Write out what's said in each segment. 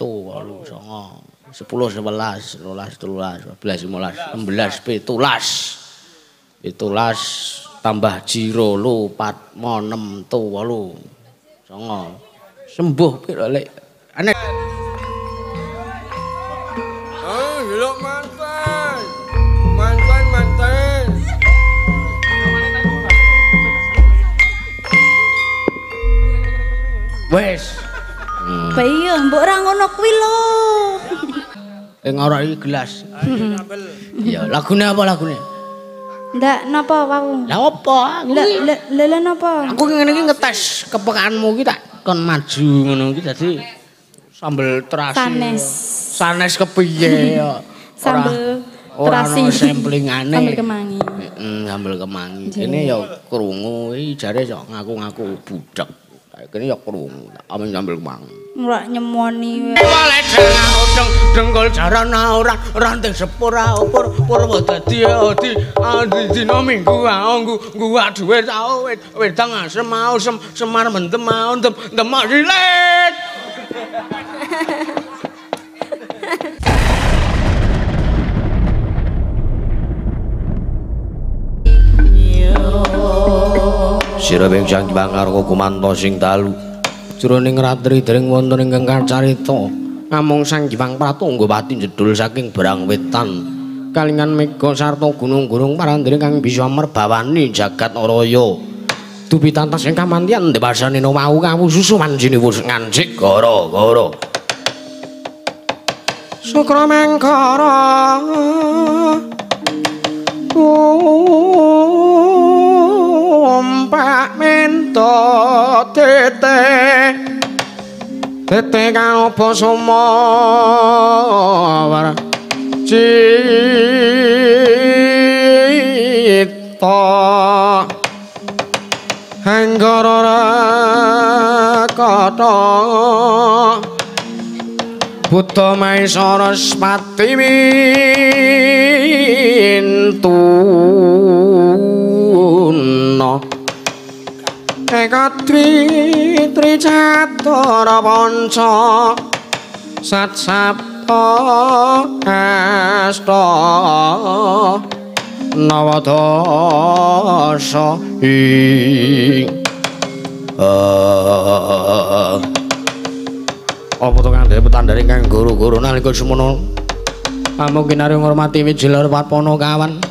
pitu walu songo sepuluh sebelas sebelas sebelas sebelas sebelas sebelas pitulas pitulas tambah jiro lu pat mo enam tu walu songo sembuh pitu lek aneh Wesh! apa iya mbok ora ngono kuwi lho eh ngora iki gelas ya lagune apa lagune ndak napa wau lha apa lha lha napa aku ngene iki ngetes kepekaanmu iki tak kon maju ngono iki dadi sambel terasi sanes sanes kepiye ya sambel terasi ora samplingane sambel kemangi heeh sambel kemangi Ini ya krungu iki jare ngaku-ngaku budak kene ya krungu amun sambel kemangi ora nyemoni wae deng dengkol jarana ora ranting sepur ah, opor purwa dadi adi ah, adi ah, dina minggu anggu oh, gua duwe oh, tau wedang asem ausem oh, semar mentem mentem demak Sira beng jang bangar kok kumanto sing dalu sajroning ratri dering wonten ingkang kacarita amung sang Jiwang Pratangga Pati jedul saking Berang kalingan mega sarta gunung parang, parandhere kang bisa merbawani jagat raya dupi tantas ing kamantian dewasane no mau kawususu susu manjine wus ngancik gara-gara Sukra mengkara Umpak mentot tete tete ga opo sumawar cita hanggara kata buta maisara spati wintuna Ekatri tri catur panca, sat sapo asto nawadasa ing ah. apa to kang petandari kang guru-guru nalika semono amung ginaring ngurmati wijilar patpono kawan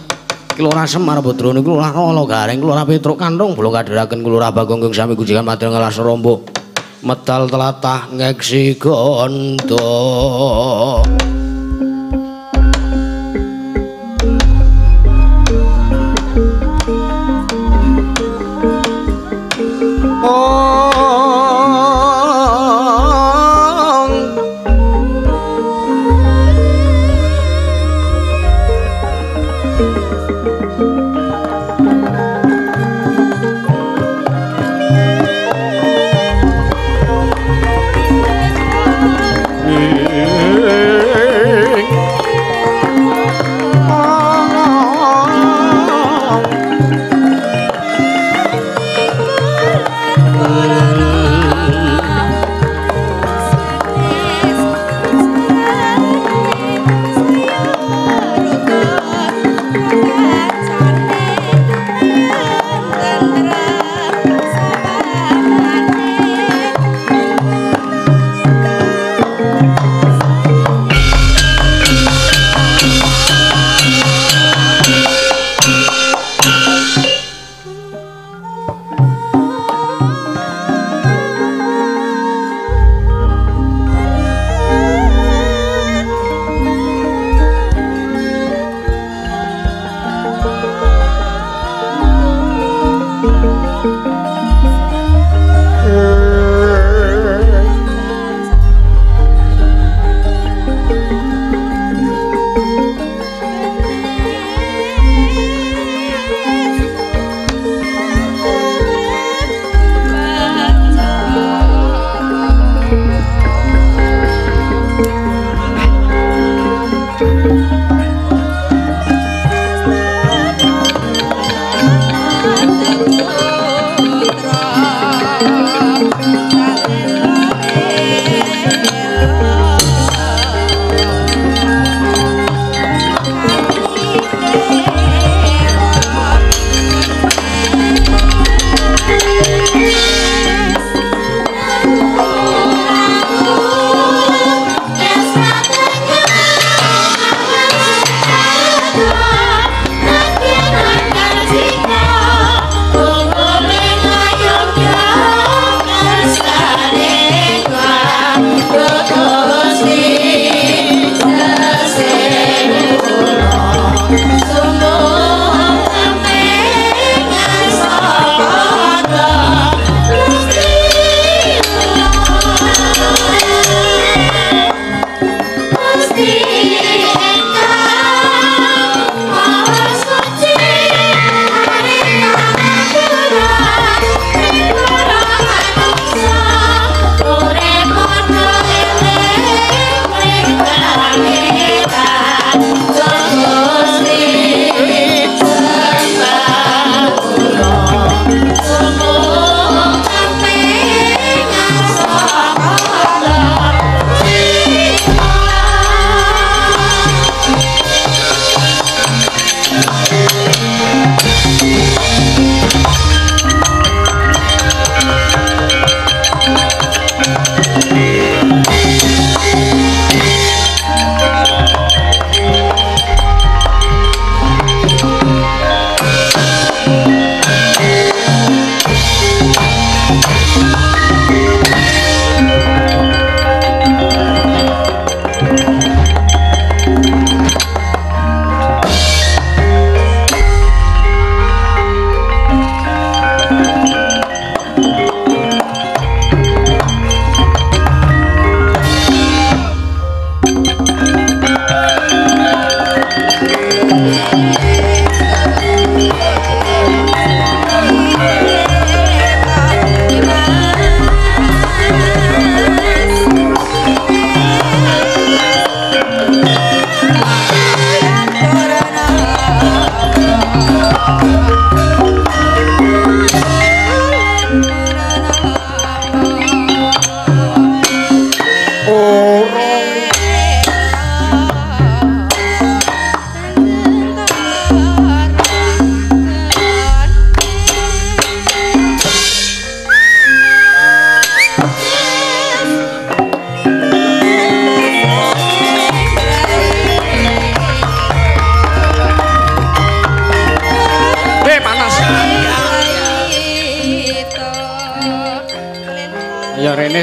kelurahan Semar Bodro niku lurah Rolo Gareng, lurah Petruk Kantong, kula kadhiraken kelurahan Bagonggong sami gujikan madya ngelas rombok. Medal telatah ngeksi gondo.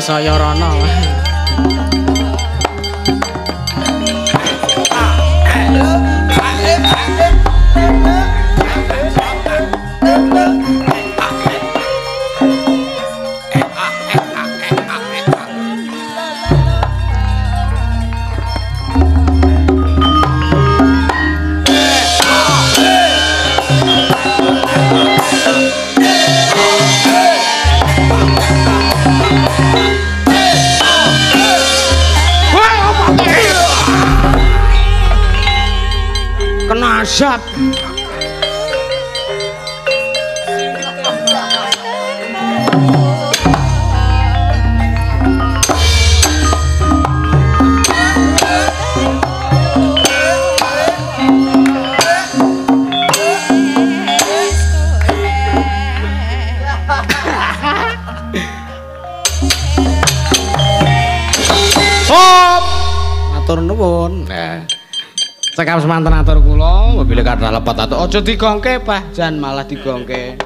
Jaya Ojo digongke Pak Jan malah digongke.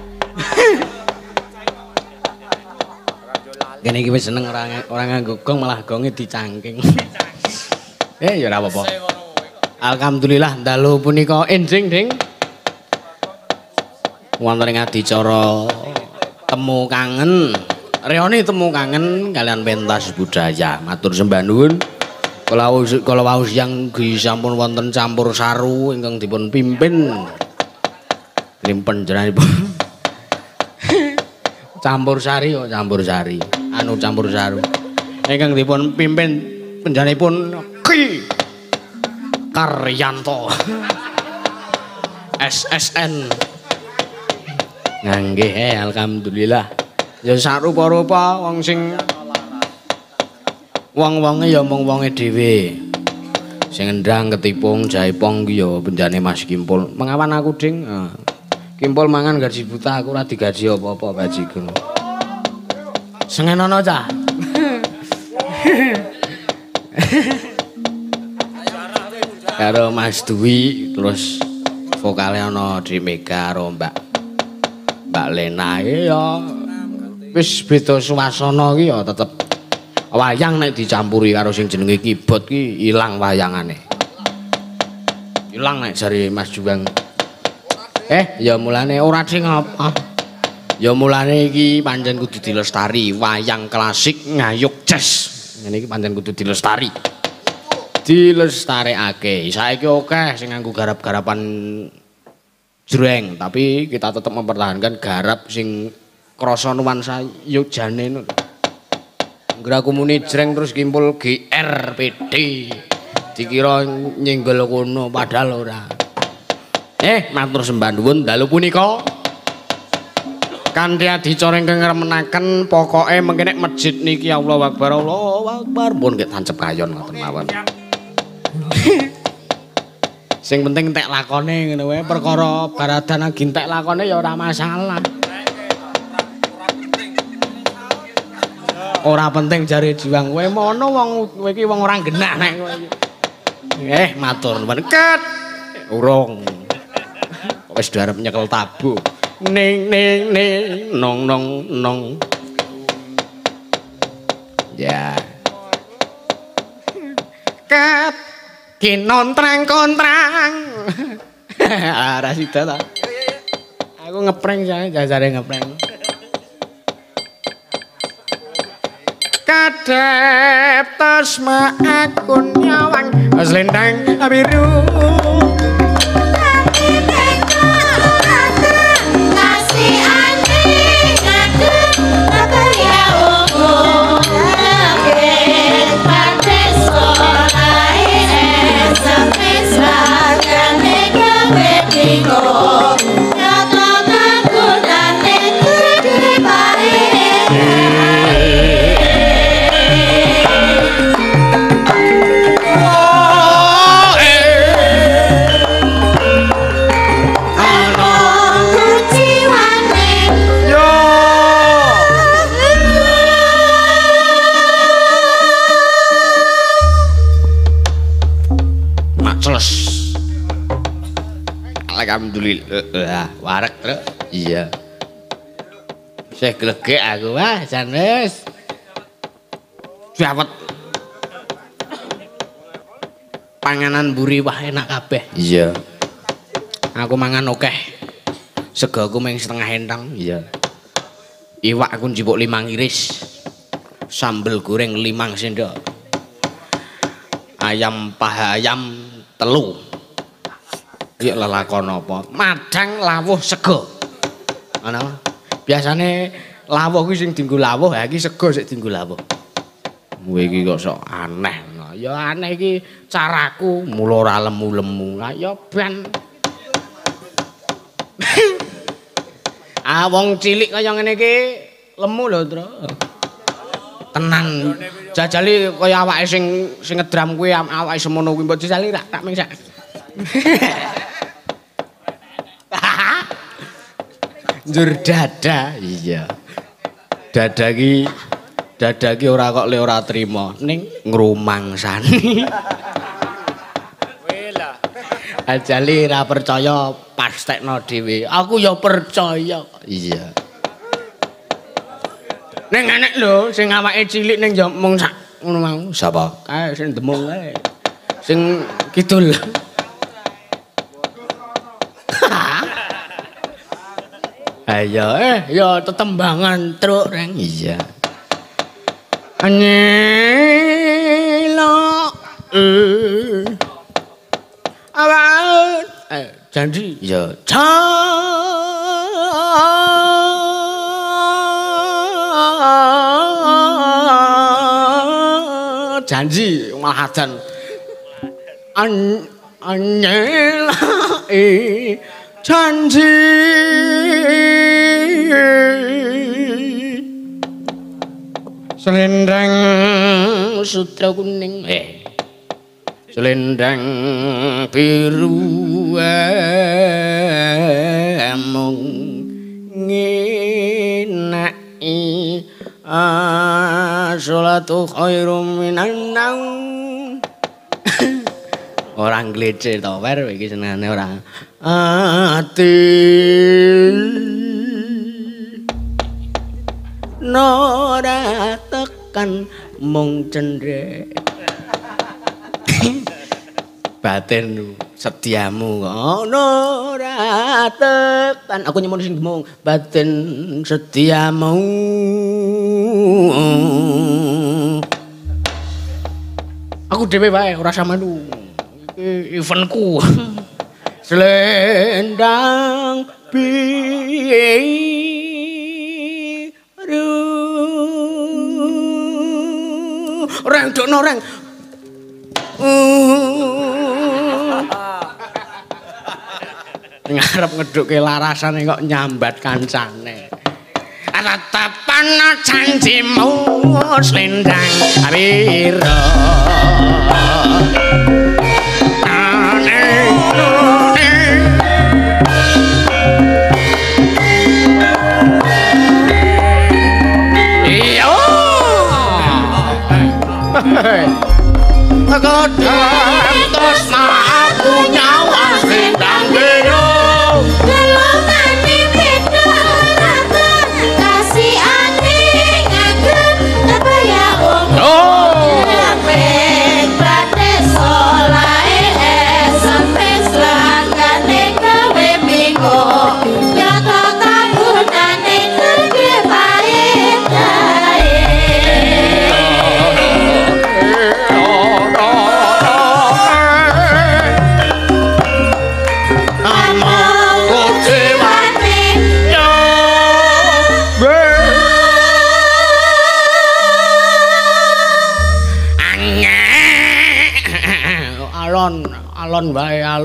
Kene iki wis seneng orang ora nganggo gong malah gonge dicangking. eh ya ora apa-apa. Alhamdulillah dalu punika enjing ding. Wonten ing adicara temu kangen. Reoni temu kangen kalian pentas budaya. Matur sembah nuwun. Kalau kalau siang di sampun wonten campur saru ingkang dipun pimpin limpen jenengipun. campur sari kok oh, campur sari. Anu campur sari. Ingkang dipun pimpin penjanipun Ki Karyanto. SSN. Ngangge alhamdulillah. Ya sarupa-rupa wong sing wong-wonge ya mung wonge dhewe. Sing ndang ketipung jaipong ku ya penjane Mas Kimpul. Mengawan aku ding. Ah. Kimpul mangan gaji buta aku ora digaji opo apa gajiku. Sengenono cah. Karo Mas Dwi terus vokale ana di Mega karo Mbak Mbak Lena ya. Wis beda suasana iki ya tetep wayang nek dicampuri karo sing jenenge kibot ki ilang wayangane. Ilang nek jari Mas Juwang. Eh, ya mulane ora sing apa. Ya mulane iki pancen kudu dilestari wayang klasik ngayuk jazz. Ngene iki pancen kudu dilestari. Dilestarekake. Saiki oke sing nganggo garap-garapan jreng, tapi kita tetap mempertahankan garap sing krasa nuansa yojane nun. Ngraku muni jreng terus kimpul GRPD. Dikira nyenggol kono padahal ora. Eh, matur sembah nuwun dalu punika. Kanthi dicoreng kang remenaken pokoke mengkene masjid niki Allah Akbar Allah Akbar pun nggih tancep kayon ngoten mawon. Sing penting tek lakone ngene wae perkara baradana gintek lakone ya ora masalah. Ora penting jare jiwang, kowe mono wong kowe iki wong ora genah nek kowe. Eh matur nuwun ket. Urung. wis arep nyekel tabu. Ning ning ning nong nong nong. Ya. Kat kinontrang kontrang. Ara sida ta. Aku ngepreng jane jajare ngepreng. Kadep tas ma akun nyawang selendang biru. alhamdulillah eh, eh, truk iya saya aku wah janis siapet panganan buri wah enak kabeh iya aku mangan okeh sega aku main setengah entang iya iwak aku njibuk limang iris sambel goreng limang sendok ayam paha ayam telur Iya lelakon apa? Madang lawuh sego. Ana biasane lawuh kuwi sing dienggo lawuh, ha iki sego sik dienggo lawuh. Kuwi iki kok sok aneh. Ya aneh iki caraku mulo ora lemu-lemu. Lah ya ben Ah wong cilik kaya ngene iki lemu lho, Tru. Tenan. Jajali kaya awake sing sing ngedram kuwi awake semono kuwi mbok jajali rak tak mengsak. Njur dada, iya. Dada ki dada ora kok le ora trima ning ngrumangsani. Ajali ra percaya pastekno dhewe. Aku ya percaya. Iya. Ning anak lho sing awake cilik ning mung sak ngono mau. Sapa? sing demung kae. Sing kidul. Ayo, eh, ya, tetembangan truk reng. Iya. Anyelo. Eh. Uh, eh, janji. Yo, Janji mahajan. An Eh. 传奇。Selendang sutra kuning eh selendang biru amung ngenai ah, solatu khairum minan naung orang glece to wer iki senengane ora ati nora tekan mung cendre batin setiamu kok nora tekan aku nyemun sing gemung batin setiamu aku dhewe wae ora sama lu eventku selendang biru reng dono reng uh. ngarep ngedukke larasane kok nyambat kancane ratapana janjimu selendang biru Jagata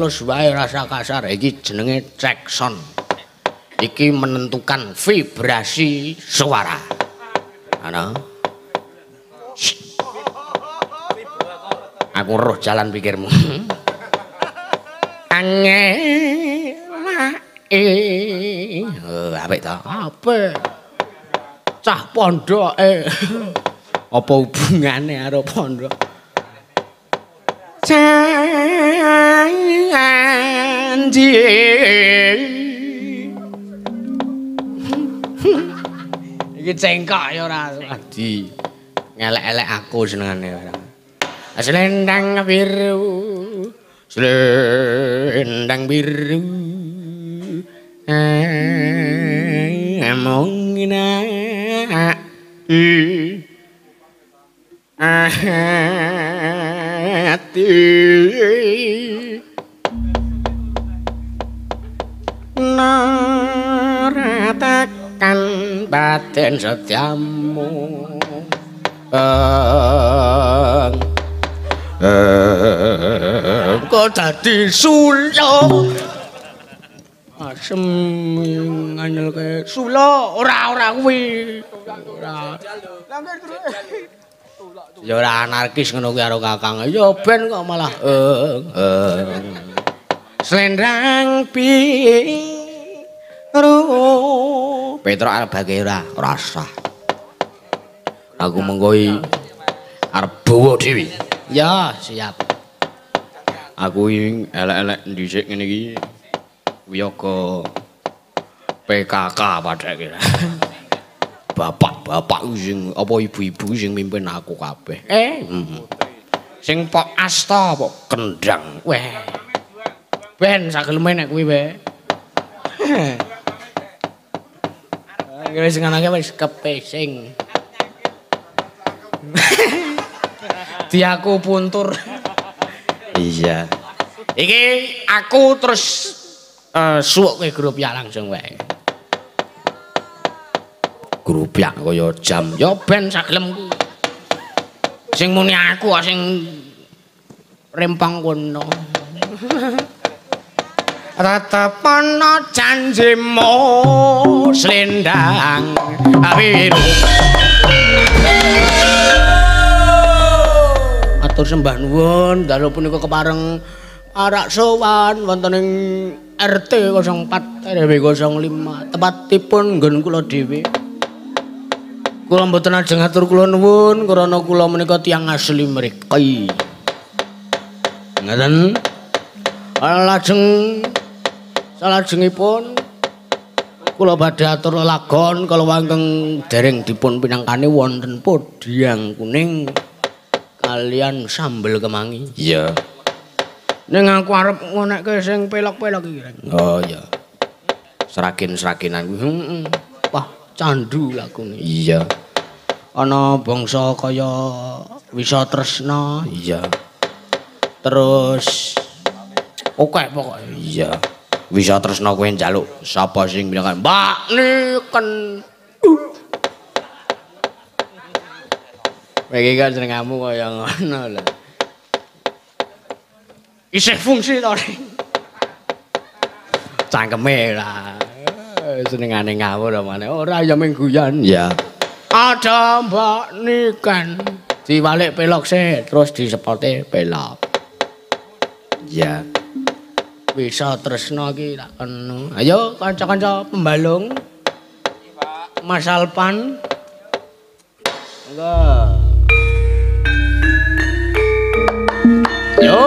halus wae rasa kasar iki jenenge trekson. Iki menentukan vibrasi suara. Ana. Aku roh jalan pikirmu. Angel mae. Oh, apik to. Apik. Cah pondoke. Apa hubungane karo pondok? iki cengkok ya ora adi ngelek-elek aku senengane ora selendang biru selendang biru among eh, ina ah mati naratakan batin setiamu eng eng kok dadi sulo asem nganyel kaya ora ora kuwi ora lha terus Ya ora anarkis ngono kuwi karo Kakang. Ya ben kok malah eh, eh. Slendrang Petra ru Petro arep ora rasa. Aku mengko iki arep bowo dhewe. Ya, siap. Aku ing elek-elek dhisik ngene iki Wiyoga PKK padha kira. bapak-bapak sing apa ibu-ibu sing mimpin aku kabeh. Eh. Mm. Sing Pak Asta apa Kendang. Weh. Ben sagelem nek kuwi weh. Anggere sing anake wis kepesing. sing. aku puntur. Iya. Iki aku terus uh, suwuke grup ya langsung wae. grupyak kaya jam ya ben saklemku sing muni aku sing rempang kono ratapan janjimu slendang biru atur sembah nuwun dalu punika kepareng arak sowan wonten RT 04 RW 05 tepatipun nggon kula dhewe Kula mboten ajeng atur kula nuwun karena kula menika tiyang asli mriki. Ngaten. Lajeng salajengipun kula badhe atur lagon kala wangkeng dereng dipun pinangkani wonten podiang kuning kalian sambel kemangi. Iya. Ning aku arep ngonekke sing pelok-pelok iki. Oh iya. Seragin-seraginan. Heeh. Wah. candu lakune. Iya. Ana bangsa kaya wisa tresna. Iya. Terus oke okay, pokoke. Iya. Wisa tresna kuwi njaluk sapa sing bilang, "Mbak, niken." Wegi kan jenengmu kaya ngono lho. Isih fungsi to. Cangkeme lah. senengane ngawur maneh oh, ora ya mengguyan ya ada mbak niken diwalik pelok se terus disepote pelok ya bisa tresno iki tak kenu ayo kanca-kanca pembalung Mas Alpan enggak Yo!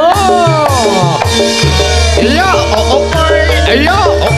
Yo! Oh, oh, oh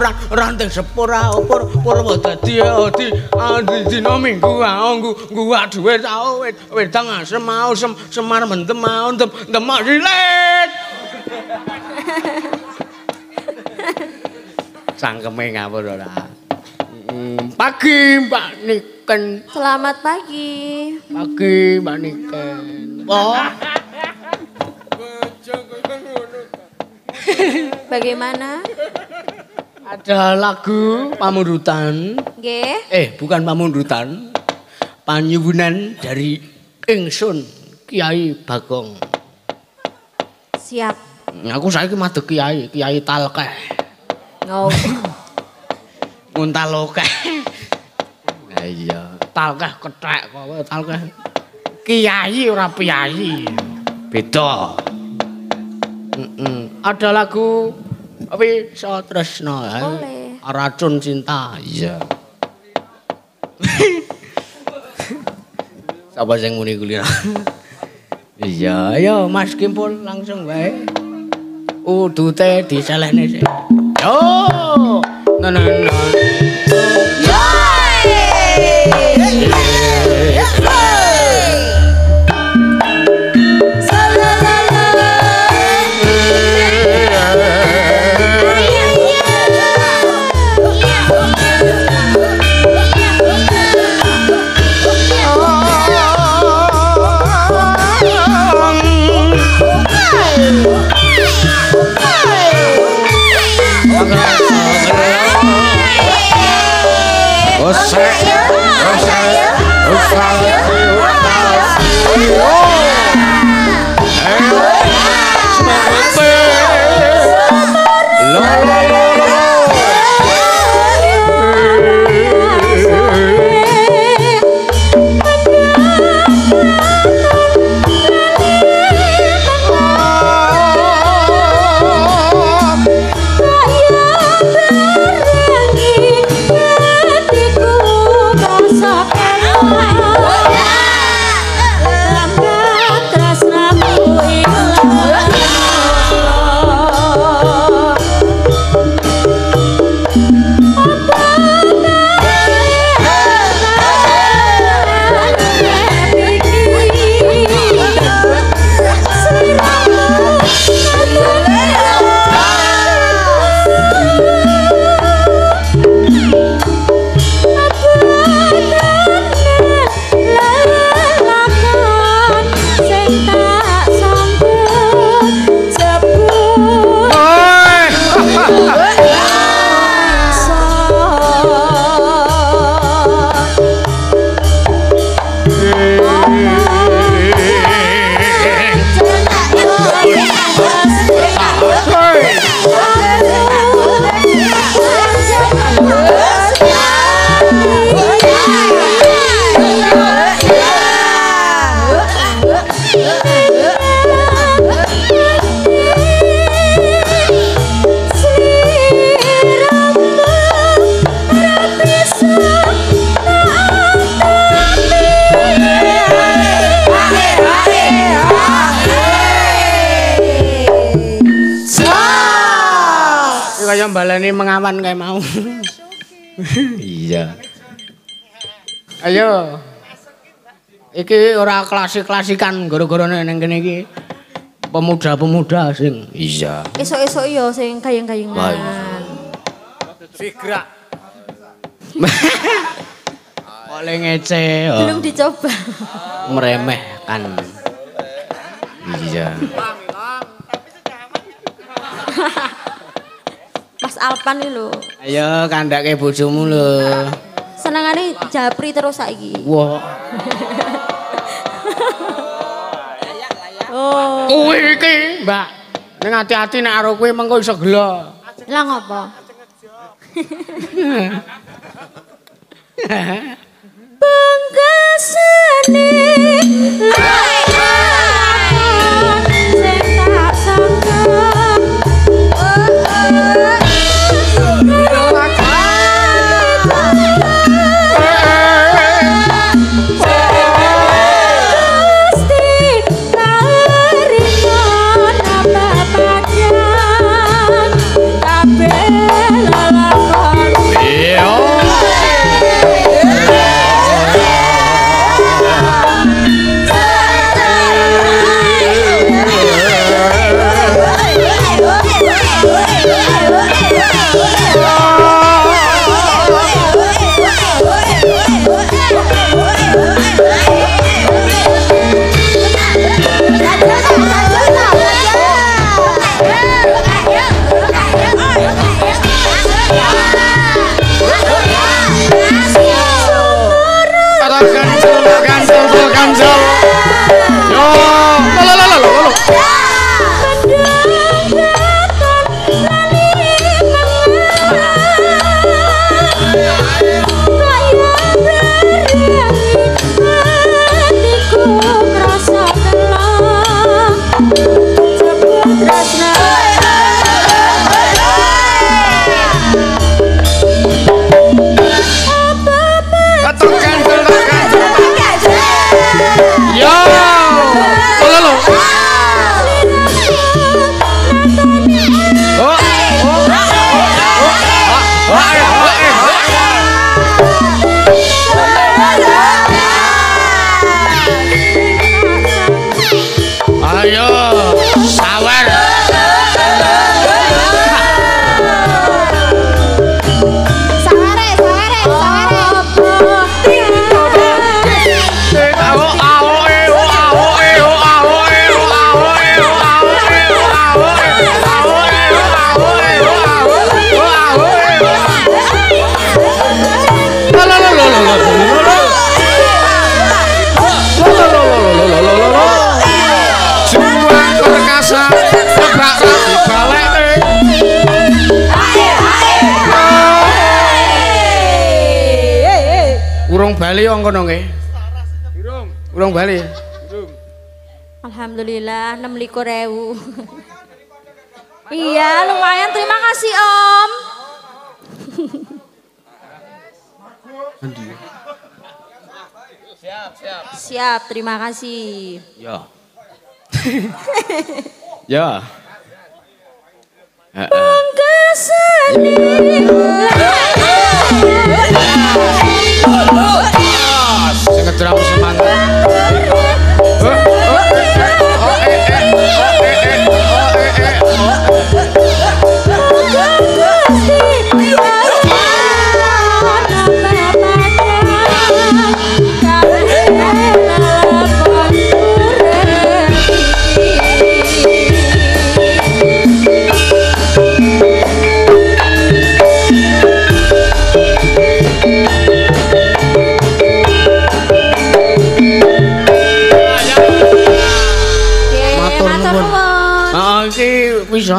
orang ranting sepura opor purwo dadi eh, ah, di di dino minggu aonggu ah, oh, gua duwe tau wit ah, oh, wedang asem mau oh, sem semar mentem mau dem dem rilet cangkeme ngawur ora pagi mbak niken selamat pagi pagi mbak niken Bagaimana? Ada lagu pamundutan. Nggih. Eh, bukan pamundutan. Panyuwunan dari Ingsun Kiai Bagong. Siap. Aku saiki madhe kiai, kiai talkeh. Oh. Nguntalokeh. Lah iya, talkeh kethek kowe, talkeh. Kiai ora piyai. Beda. Mm Ada lagu Wisa tresna. Eh? Racun cinta. Iya. Sapa sing muni kulira? Iya, ayo Mas Kimpul langsung wae. Eh? Udute diselehne sik. Yo. Nenen. mari mengawan kayak mau. Iya. Ayo. Iki ora klasik-klasikan gara-gara neng kene iki. Pemuda-pemuda sing iya. Esok-esok yo sing kayang-kayang. Sigra. Oleh ngece. Oh. Belum dicoba. Meremehkan. Iya. Ha ha ha. Alpan ini lho. Ayo ke bojomu lho. ini, japri terus lagi. Wah. Wow. oh. Kuwi iki, Mbak. hati hati nak nek karo emang kau bisa gelo. Lah ngapa Bangga sene. bali wong kono nggih? Durung. Durung bali. Durung. Alhamdulillah 26.000. Iya, lumayan. Terima kasih, Om. Siap, siap. Siap, terima kasih. Ya. ya. Bangga eh, eh. seni. Putra semangat.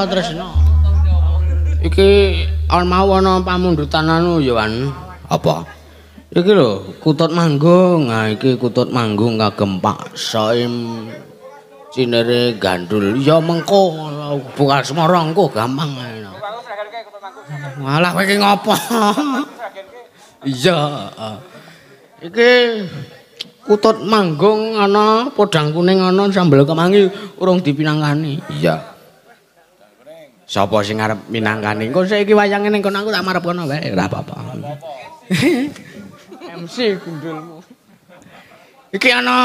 Tresno. Iki on mau ana pamundutan anu ya kan. Apa? Iki lho Kutut Manggung. Nah iki Kutut Manggung kagem Pak Saim cinere gandul. Ya mengko bukan semorong kok gampang. Malah kowe iki ngopo? Iya. Iki Kutut Manggung ana podang kuning ana sambel kemangi urung dipinangkani Iya. Sopo sing arep minangkani? Engko saiki wayang ngene kono aku tak marep kono wae. Ora apa-apa. MC gundulmu. Iki ana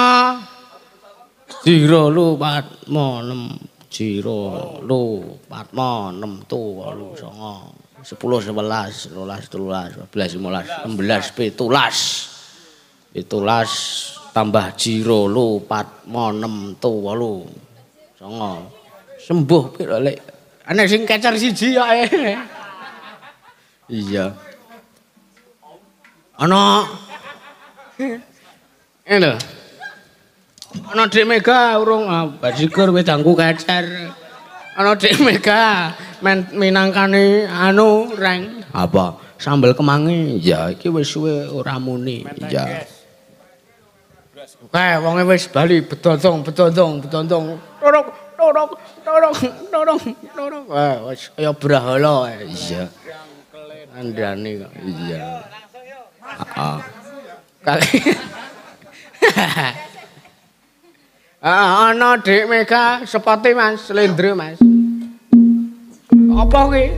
Jiro lu Patmo 6 Jiro lu Patmo 6 tu 8 songo 10 11 12 13 14 15 16 17 17 tambah Jiro lu Patmo 6 tu 8 songo sembuh pirale Ana sing kecer siji kok. Eh. Iya. Ana. Ana. Eh, Ana Dik Mega urung ah, bajikur wis dangku kecer. Ana Dik Mega minangkani anu reng apa sambel kemangi. Ya iki wis suwe ora muni. Ya. Oke, eh, wong wis bali betondong, betondong, betondong. Lorok, lorok. Dorong, dorong, dorong. Eh, wis kaya brahala eh. iya. Andrani kok iya. Langsung yo. Heeh. Ah, ana Dik Mega, sepati Mas, slendro Mas. Apa kuwi?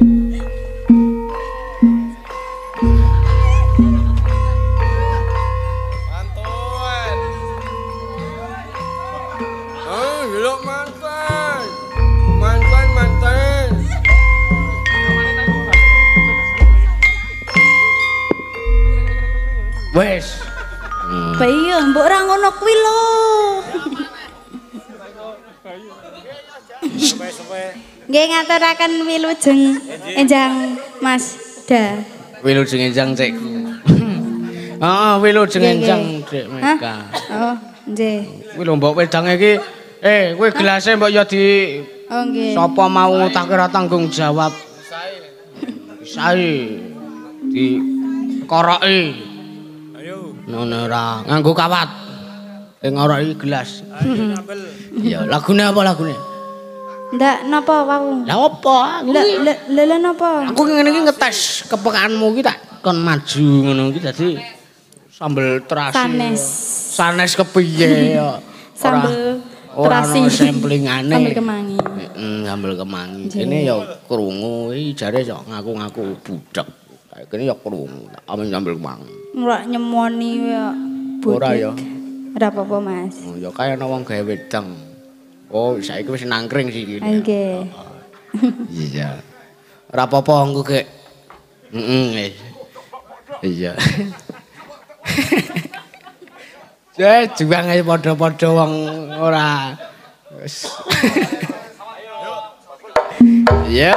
Wes. Piye, mbok ora ngono kuwi lho. Nggih ngaturaken wilujeng Enjang Mas Da. Wilujeng Enjang cek. Ah, oh, wilujeng Enjang cek Mega. Oh, nggih. Kuwi lho mbok wedang iki eh kowe gelase mbok ya di Oh, nggih. Sapa mau tak kira tanggung jawab? Sae. Sae. Di koroki. Nono ora nganggo kawat. Ing ora iki gelas. Ya lagune apa lagune? Ndak napa wau. Lah apa? Lele napa? Aku ngene iki ngetes kepekaanmu iki tak kon maju ngono iki dadi sambel terasi. Sanes. Sanes kepiye Sambel terasi. Ora Sambel kemangi. Heeh, mm, sambel kemangi. Kene ya krungu iki jare kok ngaku-ngaku budak. kene ya krung ame nyambel mang ora nyemoni ora ya ora apa-apa mas oh ya kaya ana wong gawe wedang oh saiki wis nangkring sih ini nggih iya ora apa-apa engko ge heeh iya Ya eh, juang ae padha-padha wong ora wis Yo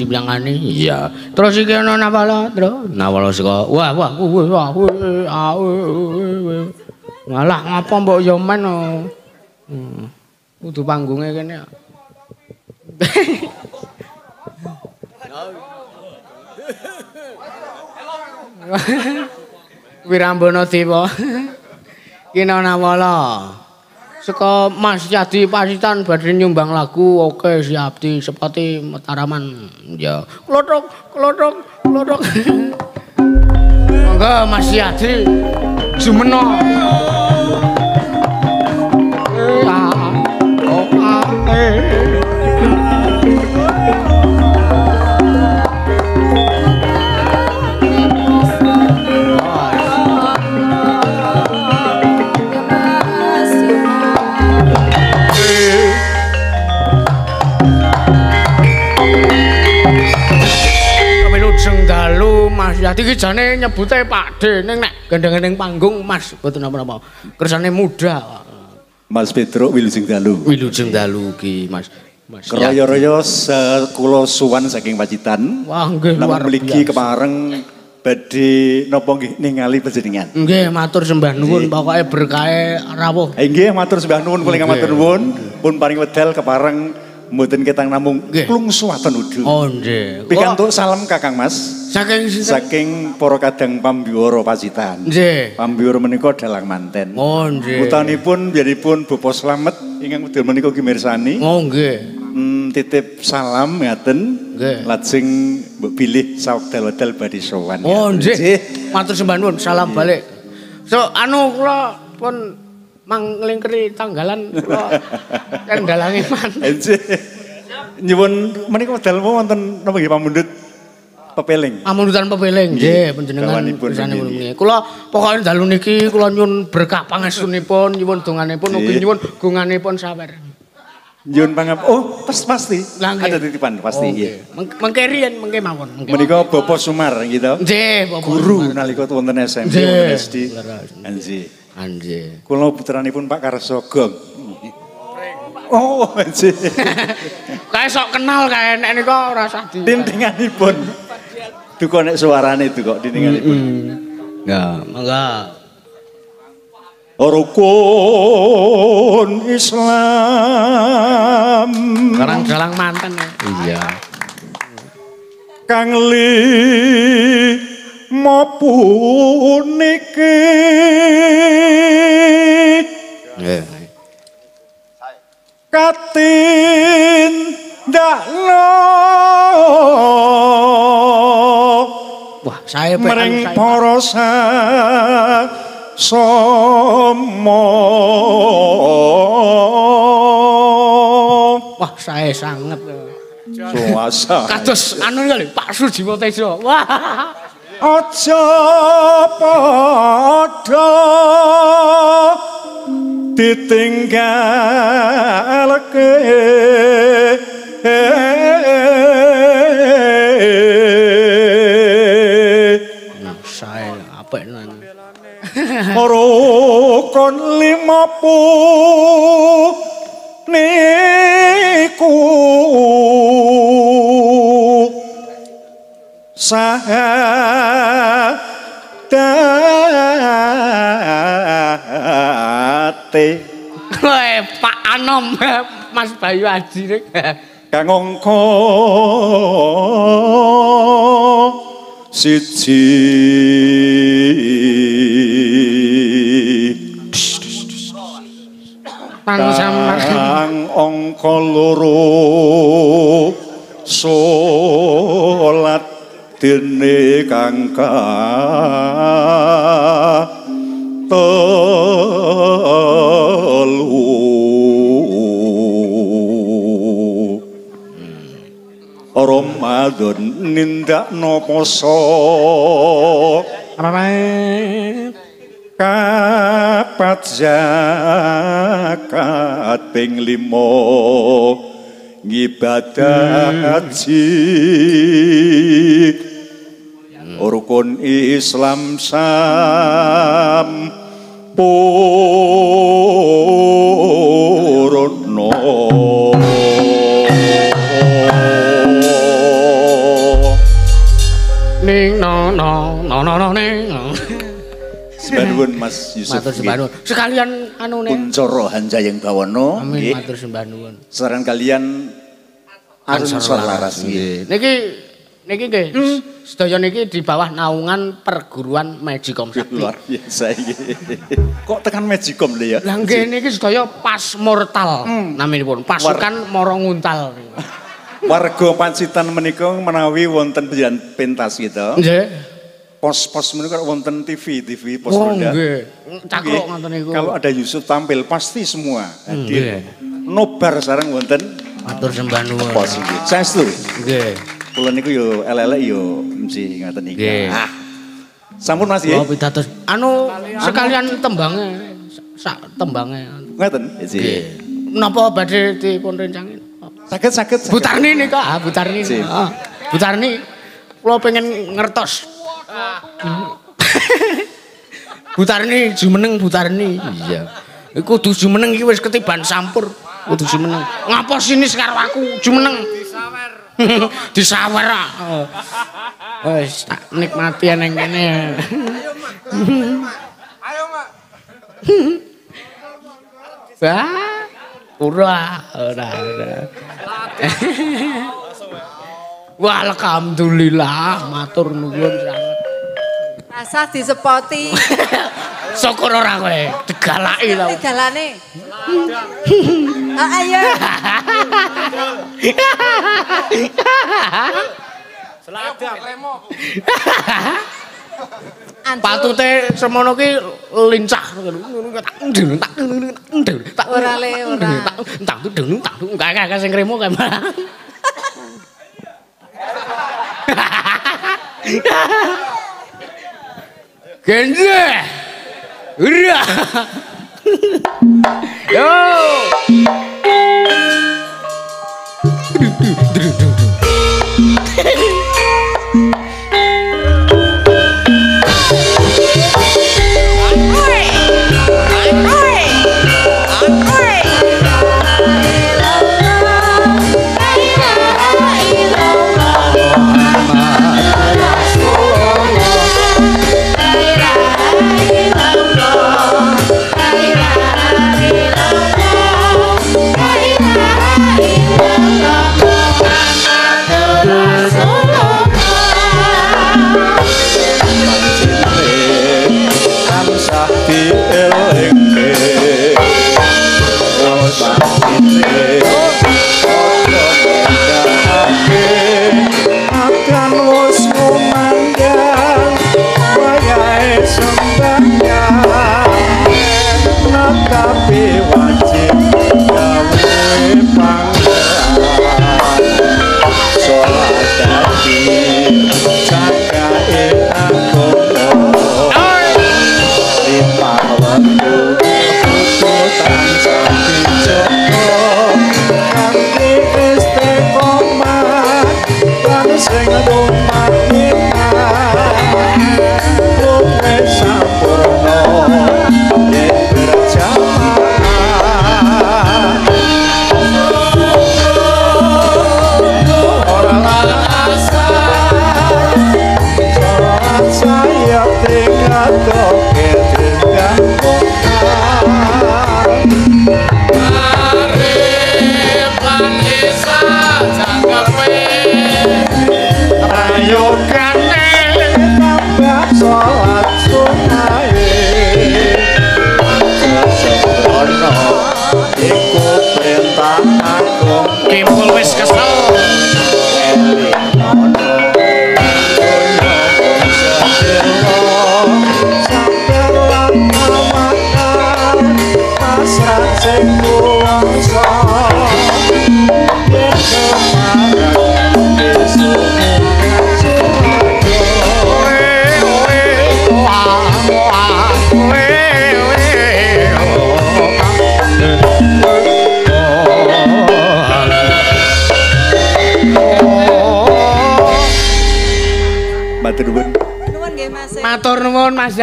simlangane iya terus iki ana nawala terus nawala saka wah wah wah malah ngapa mbok yo men oh? hmm. kudu panggunge kene oh. Wirambono Dewa Kina Nawala Saka Mas Yadi Pasitan badhe nyumbang lagu oke siap di seperti Mataraman ya. Klotok klotok klotok. Monggo Mas Yadi Jumeno. Ya. Oh, Dadi ki jane nyebute Pak D ning nek gendeng-gendeng panggung Mas betul napa-napa. Kersane muda. Mas Petro Wilujeng Dalu. Wilujeng Dalu ki Mas. Mas ya. Kroyo-royo kula suwan saking Pacitan. Wah nggih luar biasa. kemareng badi napa nggih ningali panjenengan. Nggih matur sembah nuwun pokoke berkahe rawuh. Eh, nggih matur sembah nuwun kula matur nuwun pun paring wedal kepareng Mboten ketang namung klung suwaten udu. Oh nggih. Pikantuk salam Kakang Mas. Saking sinten? Saking para kadang pambiwara Pacitan. Nggih. Pambiwara menika dalang manten. Oh nggih. Utanipun biaripun Bapak Slamet ingkang medal menika gimirsani. Oh nggih. Hmm, titip salam ngaten. Nggih. Lajeng mbok bilih sawedal tel badhe sowan. Oh nggih. Matur sembah nuwun, salam balik. So anu kula pun manglingkeri tanggalan kan dalange man. Nyuwun menika wedal wonten napa nggih pamundhut pepeling. Pamundutan pepeling nggih panjenengan pirsani kula nggih. Kula pokoke dalu niki kula nyuwun berkah pangestunipun, nyuwun donganipun ugi nyuwun gunganipun sawer. Nyuwun pangap. Oh, pas pasti. Ada titipan pasti oh, nggih. Mengkerian mengke mawon. Menika Bapak Sumar gitu. Nggih, Guru nalika wonten SMP, wonten SD. Nggih. Anjir. Kula putranipun Pak Karso Gong. Oh, anjir. Kae sok kenal kae nek nika ora usah di. Dindinganipun. Duko nek suarane duko dindinganipun. Ya, mangga. Oh, rukun Islam. Karang-karang manten ya. Iya. Kang Lee mopu niki. Yeah. Katin Wah, saya pengen para Wah, saya sangat. Suasa. Kados anu kali Pak Sujiwo Tejo. Wah. aja padha ditinggal ke rukun lima pu niku sate kowe pak anom Mas Bayu Aji nek kangongko siji kang angka loro salat dene kangka telu hmm. Ramadan nindak napa sa kapat zakat ping limo ngibadah hmm. haji rukun Islam sampurna ning no no no no no ning Sembanun Mas Yusuf. Matur Sekalian anu ne. Kuncoro Hanjayeng bawono, Amin matur Saran kalian Ansor Laras Niki niki nggih hmm. sedaya niki di bawah naungan perguruan Magicom Sakti. Luar biasa iki. Kok tekan Magicom lho ya? Lah nggih niki sedaya pas mortal hmm. naminipun. Pasukan War... Moro Nguntal. Warga Pancitan menika menawi wonten pentas gitu. Nggih. pos-pos menika wonten TV, TV pos oh, Nggih. Cakok ngoten niku. Kalau ada Yusuf tampil pasti semua hadir. Nggih. Nobar sareng wonten matur sembah nuwun. Pos iki. Saestu. Nggih. kula niku yo elek-elek yo mesti ngoten iki. Ah. Sampun Mas nggih. Oh, pitados. Anu sekalian tembange sak tembange. Ngoten. Nggih. Menapa badhe dipun rencangi? Saged saged. Butarni niku, ah Butarni. Heeh. Ah. Butarni kula pengen ngertos. Butarni jumeneng Butarni. Iya. Iku eh, kudu jumeneng iki wis ketiban sampur. Kudu jumeneng. Ngapa sini sekarang aku jumeneng? disawer kok. Ah. Wis tak nikmati nang kene. Ayo, Mak. Ayo, Mak. Ora, ora. Wah, alhamdulillah, matur nuwun sangat. Asah disepoti. Syukur ora kowe digalaki to. Digalane. Heeh. Ayo. Seladak lemo. Patute semono ki lincah ngono tak ndel tak ndel tak ndel tak ora le ora tak tak ndel tak sing kremo Kenze! Ura! Yo! Hehehe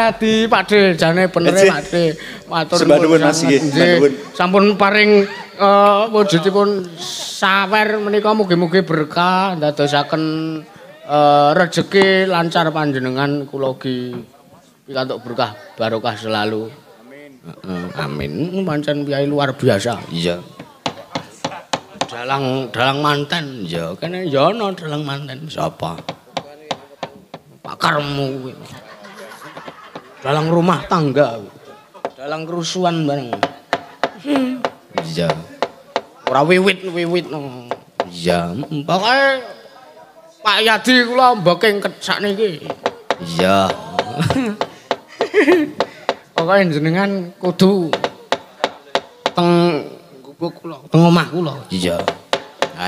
Adi Pak De jane bener Pak Matur nuwun. Sampun paring uh, wujudipun sawer menika mugi-mugi berkah dadosaken uh, eh, rejeki lancar panjenengan kula ugi pikantuk berkah barokah selalu. Amin. amin. Pancen piyai luar biasa. Iya. Dalang dalang manten ya kene ya ana dalang manten sapa? Pakarmu kuwi. dalang rumah tangga dalang kerusuhan bareng iya ora wiwit wiwit no iya pokoke Pak Yadi kula mboke kecak sakniki iya pokoke jenengan kudu teng gubuk kula teng omah kula iya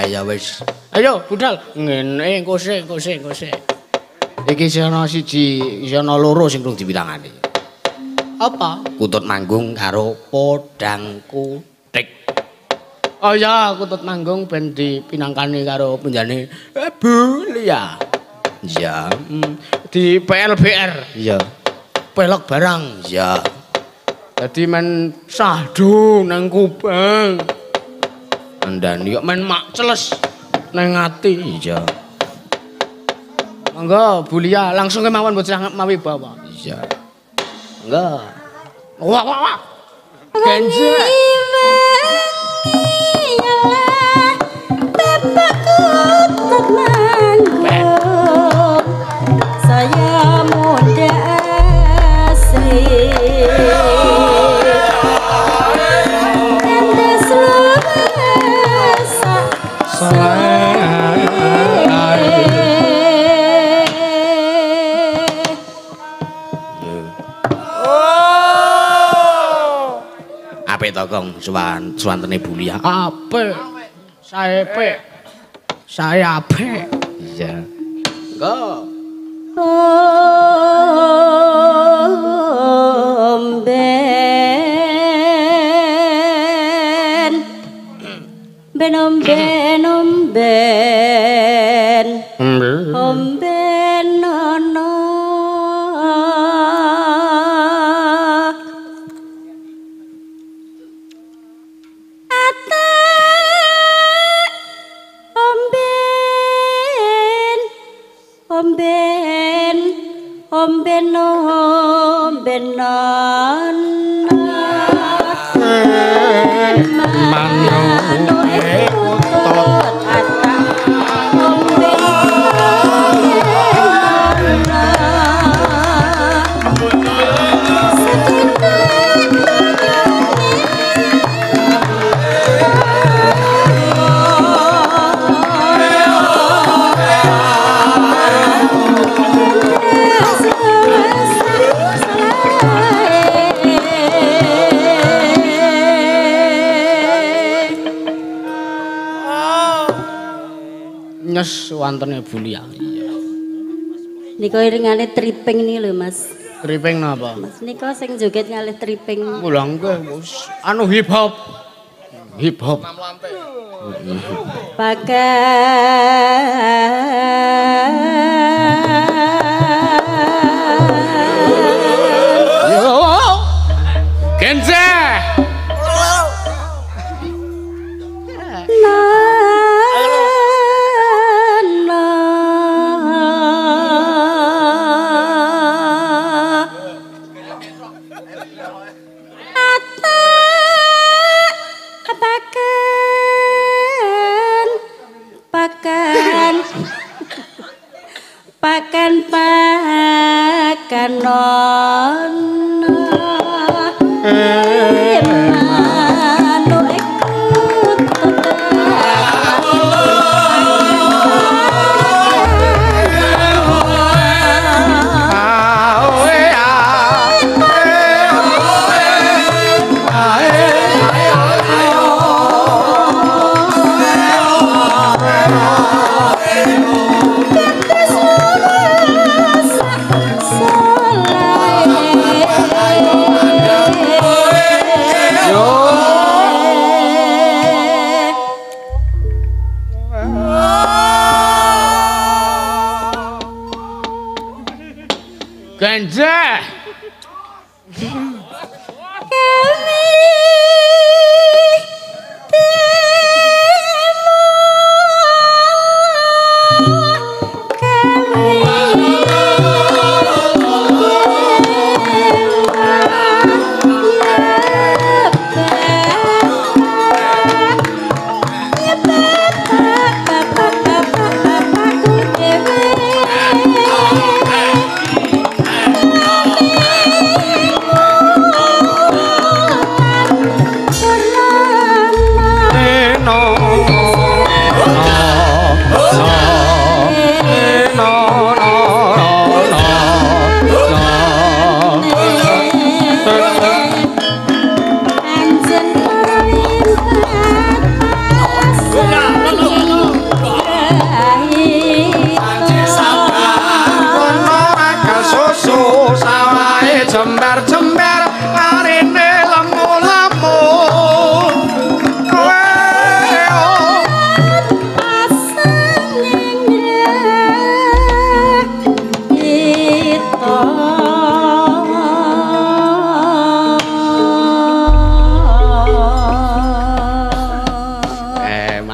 ayo wis ayo budal ngene kose kose kose Iki jono siji, jono loro sing kudu diwilangane. Apa? Kutut manggung karo podang kutik. Oh iya, kutut manggung ben dipinangkani karo penjane eh, Bu Lia. Ya, hmm, di PLBR. Iya. Pelek barang. Iya. Jadi men sahdu nang kubang. Andani kok men mak celes ati. Iya. Enggak, Bulia langsung kemauan buat mawi bawa. Iya. Enggak. Wah wah wah. Kenzo. kong suwan suwantene Bulia. Ape? Saya ape? Saya ape? Iya. Go. Omben. Ben omben. omben omben omben no, omben no. wontene Bulia. Iya. Nika iringane tripping niki lho, Mas. Tripping napa? Mas nika sing joget ngalih tripping. Pulang oh, ke, Anu hip hop. Hip hop. Pakai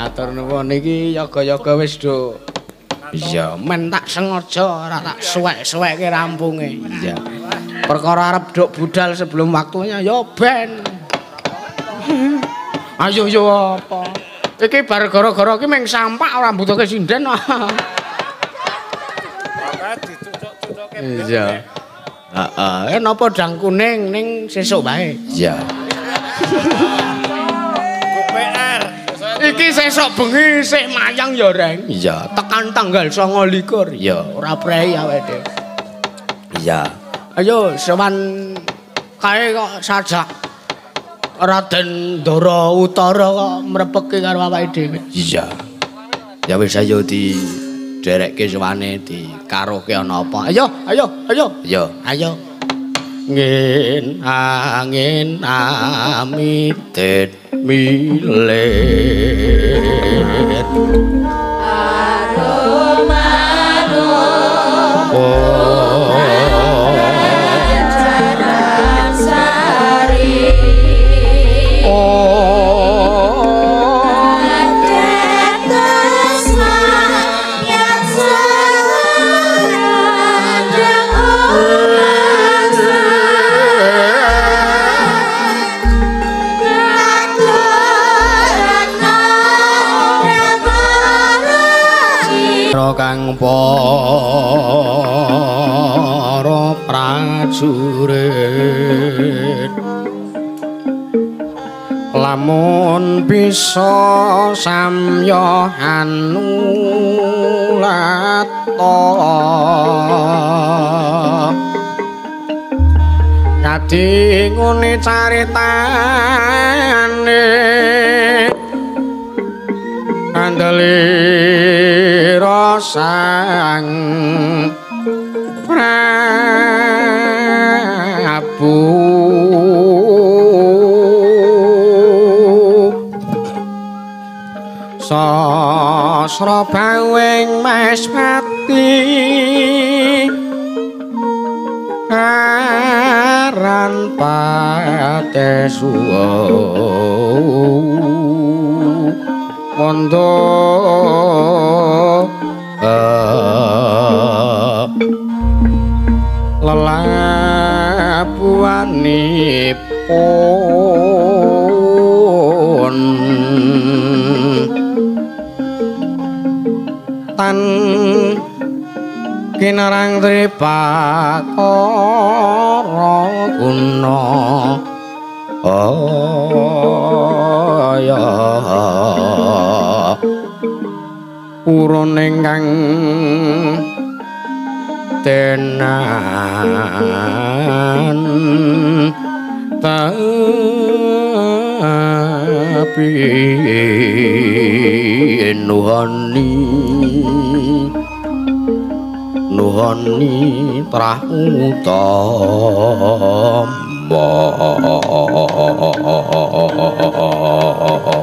matur nuwun iki yoga-yoga wis do. Iya, men tak sengaja ora tak suwek-suweke rampunge. Iya. Perkara arep dok budal sebelum waktunya ya ben. Ayo yo apa? Iki bar gara-gara iki mung sampah ora butuhke sinden. Iya. Heeh, uh, uh, napa dang kuning ning sesuk wae. Iya. iki sesok bengi sik mayang ya reng iya tekan tanggal 29 ya ora prei awake dhewe iya ayo sowan kae kok sajak Raden Ndara Utara kok mrepeki karo awake dhewe iya ya wis ayo di derekke sowane di ana apa ayo ayo ayo iya ayo, ayo. ayo. ngin angin amitet milet aroma do oh. para prajurit lamun bisa samya anulata kadhi ngune caritane kandeli rosang prabu sasra bawing mas pati aran pate suwu mondo ah. lelapuani pun tan kinarang tripakara guna oh kaya urune kang tenan tapi Nuhani nuhoni prahutama Allah.